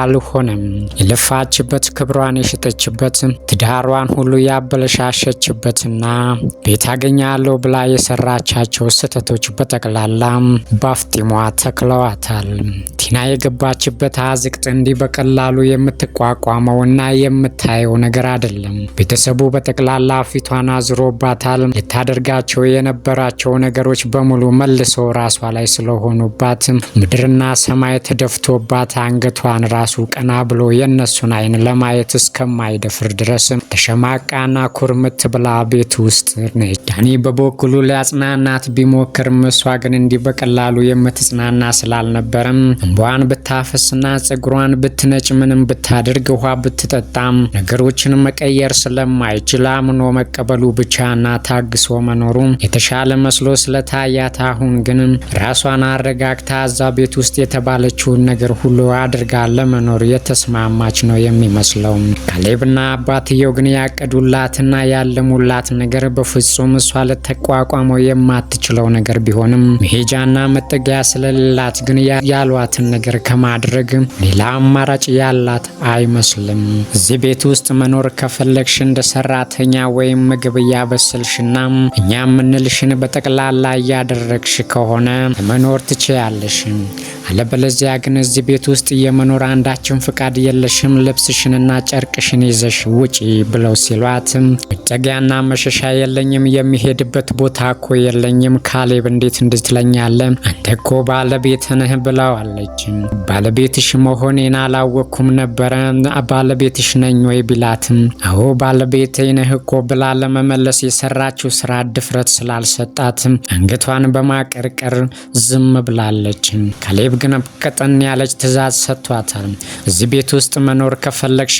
አልሆነም። የለፋችበት ክብሯን የሸጠችበት ትዳሯን ሁሉ ያበለሻሸችበትና ቤት አገኛለሁ ብላ የሰራቻቸው ስህተቶች በጠቅላላ ባፍጢሟ ተክለዋታል። ቲና የገባችበት አዝቅጥ እንዲህ በቀላሉ የምትቋቋመውና የምታየው ነገር አይደለም። ቤተሰቡ በጠቅላላ ፊቷን አዝሮባታል። ልታደርጋቸው የነበራቸው ነገሮች በሙሉ መልሰው ራሷ ላይ ስለሆኑባት ምድርና ሰማይ ተደፍቶባት አንገቷን ራሱ ቀና ብሎ የእነሱን አይን ለማየት እስከማይደፍር ድረስም ተሸማቃና ኩርምት ብላ ቤት ውስጥ ነች። ዳኒ በበኩሉ ሊያጽናናት ቢሞክርም እሷ ግን እንዲህ በቀላሉ የምትጽናና ስላልነበረም እንቧን ብታፈስና ጸጉሯን ብትነጭ ምንም ብታደርግ ውሃ ብትጠጣም ነገሮችን መቀየር ስለማይችል አምኖ መቀበሉ ብቻና ታግሶ መኖሩ የተሻለ መስሎ ስለታያት አሁን ግን ራሷን አረጋግታ እዛ ቤት ውስጥ የተባለችውን ነገር ሁሉ አድርጋለ ለመኖር የተስማማች ነው የሚመስለው። ካሌብና አባትየው ግን ያቀዱላትና ያለሙላት ነገር በፍጹም እሷ ልትቋቋመው የማትችለው ነገር ቢሆንም መሄጃና መጠጊያ ስለሌላት ግን ያሏትን ነገር ከማድረግ ሌላ አማራጭ ያላት አይመስልም። እዚህ ቤት ውስጥ መኖር ከፈለግሽ እንደ ሰራተኛ ወይም ምግብ እያበሰልሽና እኛ የምንልሽን በጠቅላላ እያደረግሽ ከሆነ መኖር ትችያለሽ። አለበለዚያ ግን እዚህ ቤት ውስጥ የመኖር አንዳችን ፍቃድ የለሽም ልብስሽንና ጨርቅሽን ይዘሽ ውጪ ብለው ሲሏትም መጠጊያና መሸሻ የለኝም፣ የሚሄድበት ቦታ እኮ የለኝም። ካሌብ እንዴት እንድትለኛለ አንተ እኮ ባለቤት ነህ ብለዋለች። ባለቤትሽ መሆኔን አላወቅኩም ነበረ ባለቤትሽ ነኝ ወይ ቢላትም አዎ ባለቤቴ ነህ እኮ ብላ ለመመለስ የሰራችው ስራ ድፍረት ስላልሰጣትም አንገቷን በማቀርቀር ዝም ብላለች። ካሌብ ግን ቀጠን ያለች ትዛዝ ሰጥቷታል። ይችላል። እዚህ ቤት ውስጥ መኖር ከፈለግሽ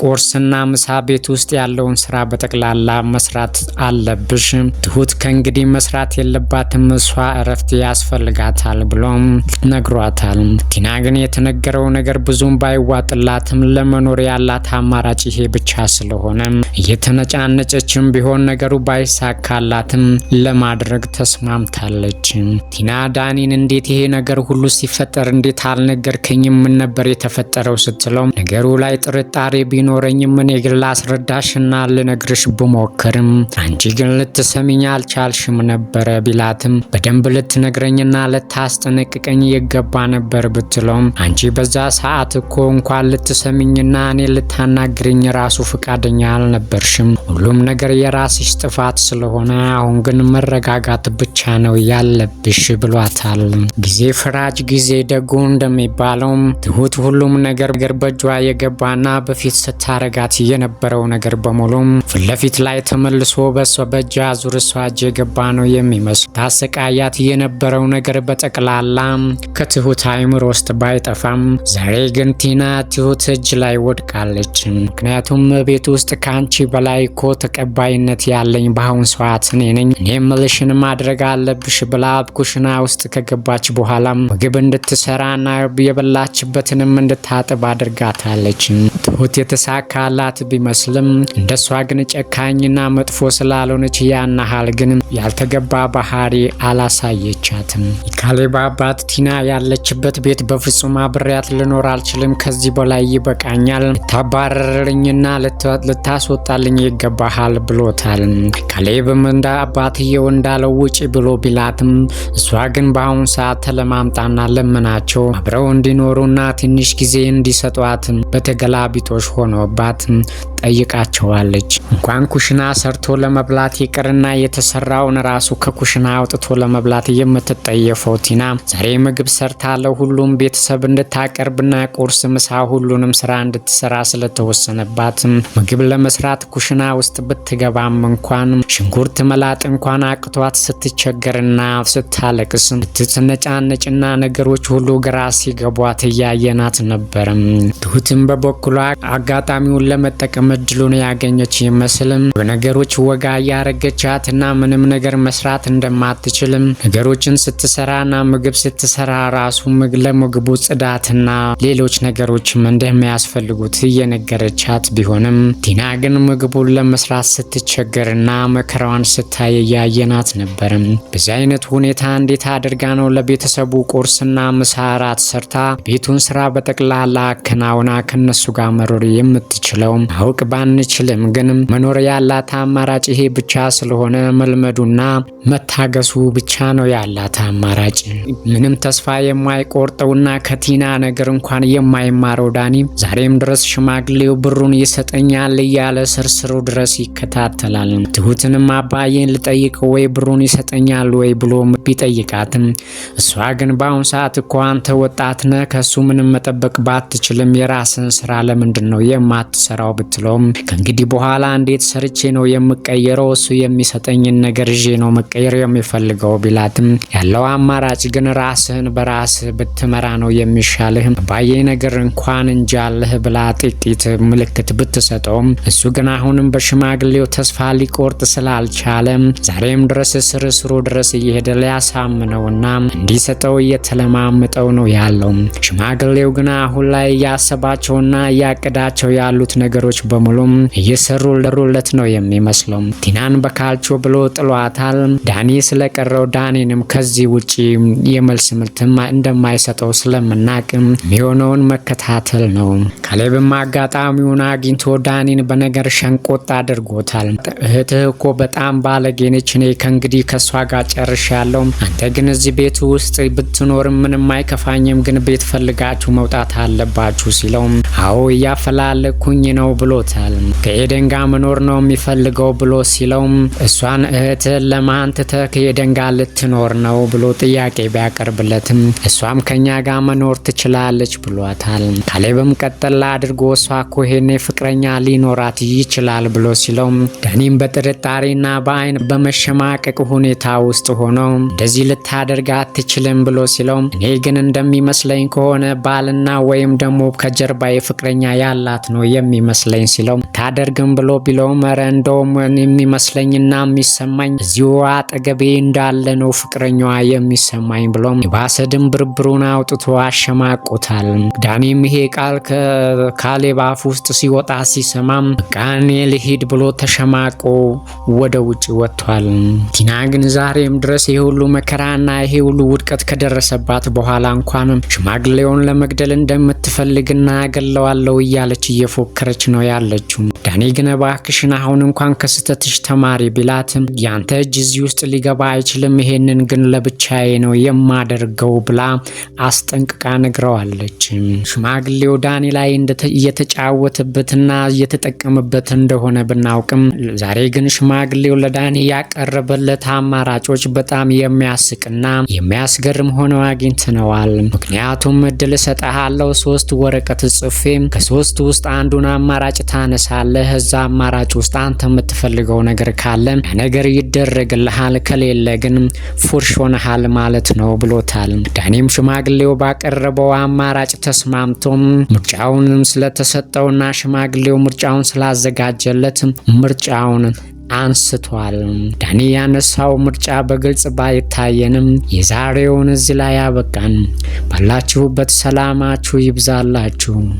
ቁርስና ምሳ ቤት ውስጥ ያለውን ስራ በጠቅላላ መስራት አለብሽ። ትሁት ከእንግዲህ መስራት የለባትም እሷ እረፍት ያስፈልጋታል ብሎም ነግሯታል። ቲና ግን የተነገረው ነገር ብዙም ባይዋጥላትም ለመኖር ያላት አማራጭ ይሄ ብቻ ስለሆነ እየተነጫነጨችም ቢሆን ነገሩ ባይሳካላትም ለማድረግ ተስማምታለች። ቲና ዳኒን እንዴት ይሄ ነገር ሁሉ ሲፈጠር እንዴት አልነገርከኝም? ምን ነበር የተፈጠረው ስትለው ነገሩ ላይ ጥርጣሬ ቢኖረኝም እኔ ግን ላስረዳሽና ልነግርሽ ብሞክርም አንቺ ግን ልትሰሚኝ አልቻልሽም ነበረ ቢላትም በደንብ ልትነግረኝና ልታስጠነቅቀኝ ይገባ ነበር ብትለውም አንቺ በዛ ሰዓት እኮ እንኳን ልትሰሚኝና እኔ ልታናግርኝ ራሱ ፈቃደኛ አልነበርሽም። ሁሉም ነገር የራስሽ ጥፋት ስለሆነ አሁን ግን መረጋጋት ብቻ ነው ያለብሽ ብሏታል። ጊዜ ፍራጅ ጊዜ ደጎ እንደሚባለውም ትሁት ሁሉም ነገር በእጇ የገባና በፊት ስታረጋት የነበረው ነገር በሙሉም ፊትለፊት ላይ ተመልሶ በሷ በእጅ ዙር እሷ እጅ የገባ ነው የሚመስል ታሰቃያት የነበረው ነገር በጠቅላላ ከትሁት አይምሮ ውስጥ ባይጠፋም ዛሬ ግን ቲና ትሁት እጅ ላይ ወድቃለች። ምክንያቱም ቤት ውስጥ ከአንቺ በላይ እኮ ተቀባይነት ያለኝ በአሁን ሰዓት እኔ ነኝ፣ እኔ ምልሽን ማድረግ አለብሽ ብላ ኩሽና ውስጥ ከገባች በኋላም ምግብ እንድትሰራና የበላችበትንም እንድታጥብ አድርጋታለች። ትሁት የተሳካላት ቢመስልም እንደሷ ግን ጨካኝና መጥፎ ስላልሆነች ያናሃል ግን ያልተገባ ባህሪ አላሳየቻትም። የካሌብ አባት ቲና ያለችበት ቤት በፍጹም አብሬያት ልኖር አልችልም፣ ከዚህ በላይ ይበቃኛል፣ ልታባረርልኝና ልታስወጣልኝ ይገባሃል ብሎታል። ካሌብም እንደ አባትየው እንዳለው ውጪ ብሎ ቢላትም እሷ ግን በአሁኑ ሰዓት ተለማምጣና ለምናቸው አብረው እንዲኖሩና ትንሽ ጊዜ እንዲሰጧትም በተገላቢ ሴቶች ሆኖባት ጠይቃቸዋለች። እንኳን ኩሽና ሰርቶ ለመብላት ይቅርና የተሰራውን ራሱ ከኩሽና አውጥቶ ለመብላት የምትጠየፈው ቲና ዛሬ ምግብ ሰርታ ለሁሉም ቤተሰብ እንድታቀርብና ቁርስ፣ ምሳ ሁሉንም ስራ እንድትሰራ ስለተወሰነባት ምግብ ለመስራት ኩሽና ውስጥ ብትገባም እንኳን ሽንኩርት መላጥ እንኳን አቅቷት ስትቸገርና ስታለቅስ ስትነጫነጭና ነገሮች ሁሉ ግራ ሲገቧት እያየናት ነበርም። ትሁትም በበኩሏ አጋጣሚውን ለመጠቀም እድሉን ያገኘች ይመስልም በነገሮች ወጋ ያረገቻትና ምንም ነገር መስራት እንደማትችልም ነገሮችን ስትሰራና ምግብ ስትሰራ ራሱ ለምግቡ ጽዳትና ሌሎች ነገሮችም እንደሚያስፈልጉት እየነገረቻት ቢሆንም ቲና ግን ምግቡን ለመስራት ስትቸገርና መከራዋን ስታይ እያየናት ነበርም። በዚህ አይነት ሁኔታ እንዴት አድርጋ ነው ለቤተሰቡ ቁርስና ምሳ እራት ሰርታ ቤቱን ስራ በጠቅላላ አከናውና ከነሱ ጋር መኖር የምትችለውም አውቅ ባንችልም ግን መኖር ያላት አማራጭ ይሄ ብቻ ስለሆነ መልመዱና መታገሱ ብቻ ነው ያላት አማራጭ። ምንም ተስፋ የማይቆርጠውና ከቲና ነገር እንኳን የማይማረው ዳኒ ዛሬም ድረስ ሽማግሌው ብሩን ይሰጠኛል እያለ ስርስሩ ድረስ ይከታተላል። ትሁትንም አባዬን ልጠይቀው ወይ ብሩን ይሰጠኛል ወይ ብሎ ቢጠይቃትም እሷ ግን በአሁኑ ሰዓት እኮ አንተ ወጣት ነህ፣ ከእሱ ምንም መጠበቅ ባትችልም የራስን ስራ ለምን ለምንድን ነው የማትሰራው ብትለውም ከእንግዲህ በኋላ እንዴት ሰርቼ ነው የምቀየረው? እሱ የሚሰጠኝን ነገር ይዤ ነው መቀየር የሚፈልገው ቢላትም ያለው አማራጭ ግን ራስህን በራስህ ብትመራ ነው የሚሻልህ ባየ ነገር እንኳን እንጃለህ ብላ ጥቂት ምልክት ብትሰጠውም እሱ ግን አሁንም በሽማግሌው ተስፋ ሊቆርጥ ስላልቻለ ዛሬም ድረስ ስር ስሩ ድረስ እየሄደ ሊያሳምነውና እንዲሰጠው እየተለማምጠው ነው ያለው። ሽማግሌው ግን አሁን ላይ እያሰባቸውና እያቀ በእቅዳቸው ያሉት ነገሮች በሙሉም ለሩለት ነው የሚመስለው። ቲናን በካልቾ ብሎ ጥሏታል። ዳኒ ስለቀረው ዳኒንም ከዚህ ውጪ የመልስ ምልትም እንደማይሰጠው ስለምናቅ የሚሆነውን መከታተል ነው። ካሌብም አጋጣሚውን አግኝቶ ዳኒን በነገር ሸንቆጥ አድርጎታል። እህትህ እኮ በጣም ባለጌነች። እኔ ከእንግዲህ ከእሷ ጋር ጨርሻለሁ። አንተ ግን እዚህ ቤት ውስጥ ብትኖርም ምንም አይከፋኝም፣ ግን ቤት ፈልጋችሁ መውጣት አለባችሁ ሲለው አዎ እያፈላለኩኝ ነው ብሎታል። ከኤደን ጋር መኖር ነው የሚፈልገው ብሎ ሲለውም እሷን እህትህን ለማንትተ ከኤደን ጋር ልትኖር ነው ብሎ ጥያቄ ቢያቀርብለትም እሷም ከኛ ጋር መኖር ትችላለች ብሏታል። ካሌብም ቀጠላ አድርጎ እሷ እኮ ይሄኔ ፍቅረኛ ሊኖራት ይችላል ብሎ ሲለውም ዳኒም በጥርጣሬና በአይን በመሸማቀቅ ሁኔታ ውስጥ ሆነው እንደዚህ ልታደርግ አትችልም ብሎ ሲለውም እኔ ግን እንደሚመስለኝ ከሆነ ባልና ወይም ደግሞ ከጀርባ የፍቅረኛ ያላት ነው የሚመስለኝ ሲለው ታደርግም ብሎ ቢለውም ኧረ እንደውም የሚመስለኝና የሚሰማኝ እዚሁ አጠገቤ እንዳለ ነው ፍቅረኛዋ የሚሰማኝ ብሎም የባሰ ድንብርብሩን አውጥቶ አሸማቆታል። ዳኔም ይሄ ቃል ከካሌብ አፍ ውስጥ ሲወጣ ሲሰማም ቃኔ ልሂድ ብሎ ተሸማቆ ወደ ውጭ ወጥቷል። ቲና ግን ዛሬም ድረስ ይሄ ሁሉ መከራና ይሄ ሁሉ ውድቀት ከደረሰባት በኋላ እንኳን ሽማግሌውን ለመግደል እንደምትፈልግና ገለዋለው እያለች እየፎከረች ነው ያለችው። ዳኒ ግን እባክሽን አሁን እንኳን ከስህተትሽ ተማሪ ቢላትም ያንተ እጅ እዚህ ውስጥ ሊገባ አይችልም፣ ይሄንን ግን ለብቻዬ ነው የማደርገው ብላ አስጠንቅቃ ነግረዋለች። ሽማግሌው ዳኒ ላይ እየተጫወተበትና እየተጠቀመበት እንደሆነ ብናውቅም ዛሬ ግን ሽማግሌው ለዳኒ ያቀረበለት አማራጮች በጣም የሚያስቅና የሚያስገርም ሆነው አግኝተነዋል። ምክንያቱም እድል እሰጥሃለሁ ሶስት ወረቀት ጽፌ ከሶስት ውስጥ አንዱን አማራጭ ታነሳለህ። እዛ አማራጭ ውስጥ አንተ የምትፈልገው ነገር ካለ ነገር ይደረግልሃል፣ ከሌለ ግን ፉርሽ ሆነሃል ማለት ነው ብሎታል። ዳኒም ሽማግሌው ባቀረበው አማራጭ ተስማምቶ ምርጫውንም ስለተሰጠውና ሽማግሌው ምርጫውን ስላዘጋጀለት ምርጫውን አንስቷል። ዳኒ ያነሳው ምርጫ በግልጽ ባይታየንም የዛሬውን እዚህ ላይ ያበቃን። ባላችሁበት ሰላማችሁ ይብዛላችሁ።